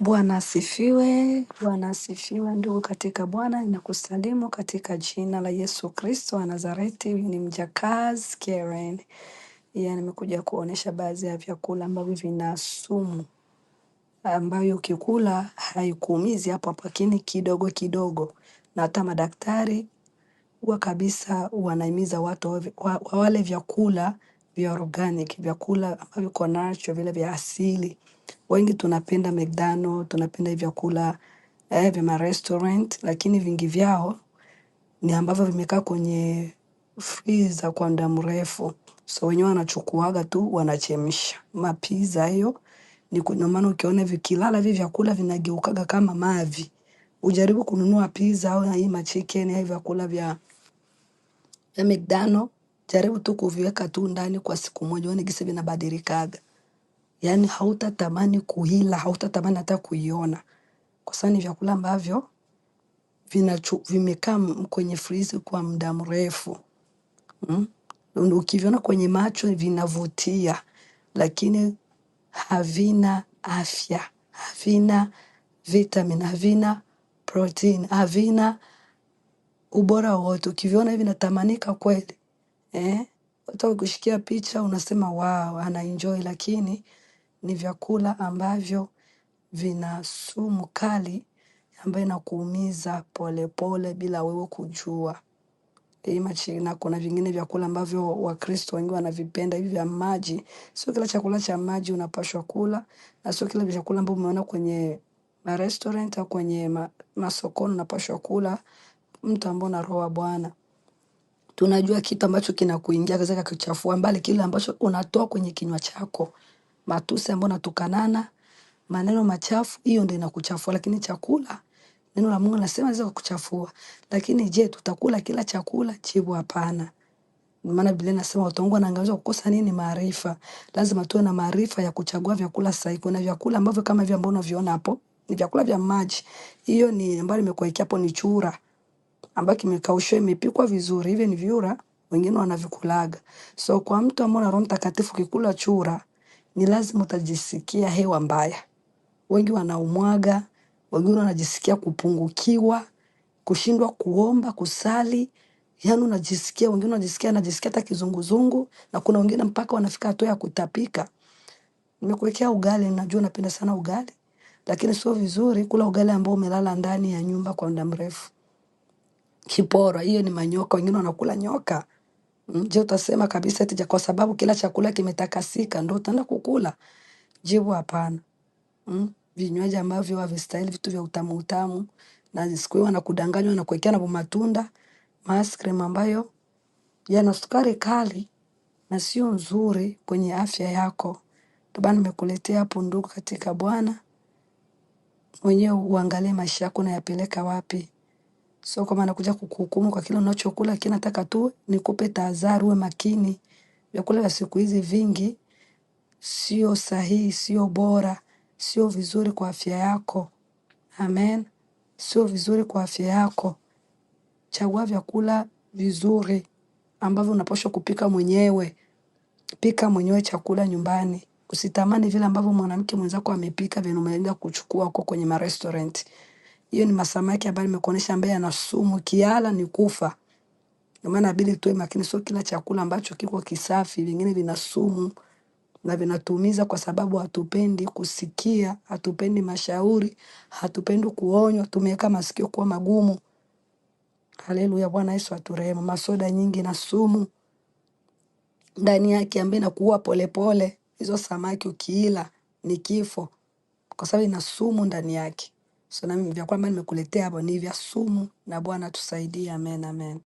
Bwana asifiwe, Bwana asifiwe. Ndugu katika Bwana, ninakusalimu katika jina la Yesu Kristo wa Nazareti. Huyu ni mjakazi Karen, yeye nimekuja kuonesha baadhi ya vyakula ambavyo vina sumu ambayo ukikula haikuumizi hapo hapo, lakini kidogo kidogo, na hata madaktari huwa kabisa wanahimiza watu wawe- wa- vyakula vya organic, vyakula ambavyo viko vile vya asili Wengi tunapenda McDonald's, tunapenda vyakula eh, vya marestaurant, lakini vingi vyao ni ambavyo vimekaa kwenye freezer kwa muda mrefu, so wenyewe wanachukuaga tu wanachemsha. Mapiza hiyo ni ku- maana ukiona vikilala hivi vyakula vinageukaga kama mavi. Ujaribu kununua pizza au hii machicken au vyakula vya vya McDonald's, jaribu tu kuviweka tu ndani kwa siku moja, uone yaani gisi vinabadilikaga yaani hautatamani kuila, hautatamani hata kuiona, kwa sababu ni vyakula ambavyo vimekaa kwenye frizi kwa muda mrefu mm? Ukiviona kwenye macho vinavutia, lakini havina afya, havina vitamin, havina protein, havina ubora wote Ukiviona hivi natamanika kweli eh? Hata ukishikia picha unasema wow, ana enjoy, lakini ni vyakula ambavyo vina sumu kali ambayo inakuumiza polepole bila wewe kujua. Daima yaani na kuna vingine vyakula ambavyo Wakristo wengi wanavipenda hivi vya maji. Sio kila chakula cha maji unapashwa kula, na sio kila vyakula ambavyo umeona kwenye ma restaurant au kwenye ma, masokoni unapashwa kula, mtu ambao na roho wa Bwana. Tunajua kitu ambacho kinakuingia kaza kakuchafua, mbali kile ambacho unatoa kwenye kinywa chako matusi ambayo natukanana, maneno machafu, hiyo ndio inakuchafua. Lakini chakula, neno la Mungu nasema inaweza kukuchafua. Lakini je, tutakula kila chakula? Jibu hapana. maana Biblia inasema watu wangu wanaangamizwa kukosa nini? Maarifa. Lazima tuwe na maarifa ya kuchagua vyakula sahihi. Kuna vyakula ambavyo kama hivi ambavyo unaviona hapo ni vyakula vya maji, hiyo ni ambayo nimekuwekea hapo ni chura ambayo kimekaushwa, imepikwa vizuri, hivi ni vyura wengine wanavikulaga. So kwa mtu ambaye na Roho Mtakatifu, kikula chura ni lazima utajisikia hewa mbaya. Wengi wanaumwaga, wengine wanajisikia kupungukiwa, kushindwa kuomba, kusali, yaani unajisikia, wengine wanajisikia anajisikia hata kizunguzungu, na kuna wengine mpaka wanafika hatua ya kutapika. Nimekuwekea ugali, najua unapenda sana ugali, lakini sio vizuri kula ugali ambao umelala ndani ya nyumba kwa muda mrefu. Kiporo, hiyo ni manyoka, wengine wanakula nyoka. Mm, je, utasema kabisa eti kwa sababu kila chakula kimetakasika ndio utaenda kukula? Jibu hapana. Mm? Vinywaji ambavyo havistahili, vitu vya utamu utamu, na siku hiyo wanakudanganywa na kuwekea na matunda ice cream ambayo yana sukari kali na sio nzuri kwenye afya yako. Baba, nimekuletea hapo, ndugu katika Bwana, mwenyewe uangalie maisha yako na yapeleka wapi. Sio kwamba anakuja kukuhukumu kwa kile unachokula, lakini nataka tu nikupe tahadhari, uwe makini. Vyakula vya siku hizi vingi sio sahihi, sio bora, sio vizuri kwa afya yako. Amen, sio vizuri kwa afya yako. Chagua vyakula vizuri ambavyo unaposhwa kupika mwenyewe. Pika mwenyewe chakula nyumbani, usitamani vile ambavyo mwanamke mwenzako amepika, vyenye umeenda kuchukua huko kwenye ma hiyo ni masamaki ambayo nimekuonesha, ambaye ana sumu, kiala ni kufa. Ndio maana inabidi tuwe makini, sio kila chakula ambacho kiko kisafi, vingine vina sumu na vinatumiza kwa sababu hatupendi kusikia, hatupendi mashauri, hatupendi kuonywa, tumeweka masikio kuwa magumu. Haleluya, Bwana Yesu aturehemu. Masoda nyingi na sumu ndani yake ambayo inakuua polepole. Hizo samaki ukiila ni kifo, kwa sababu ina sumu ndani yake. So vya kwamba nimekuletea hapo ni vya sumu, na Bwana tusaidie. Amen, amen.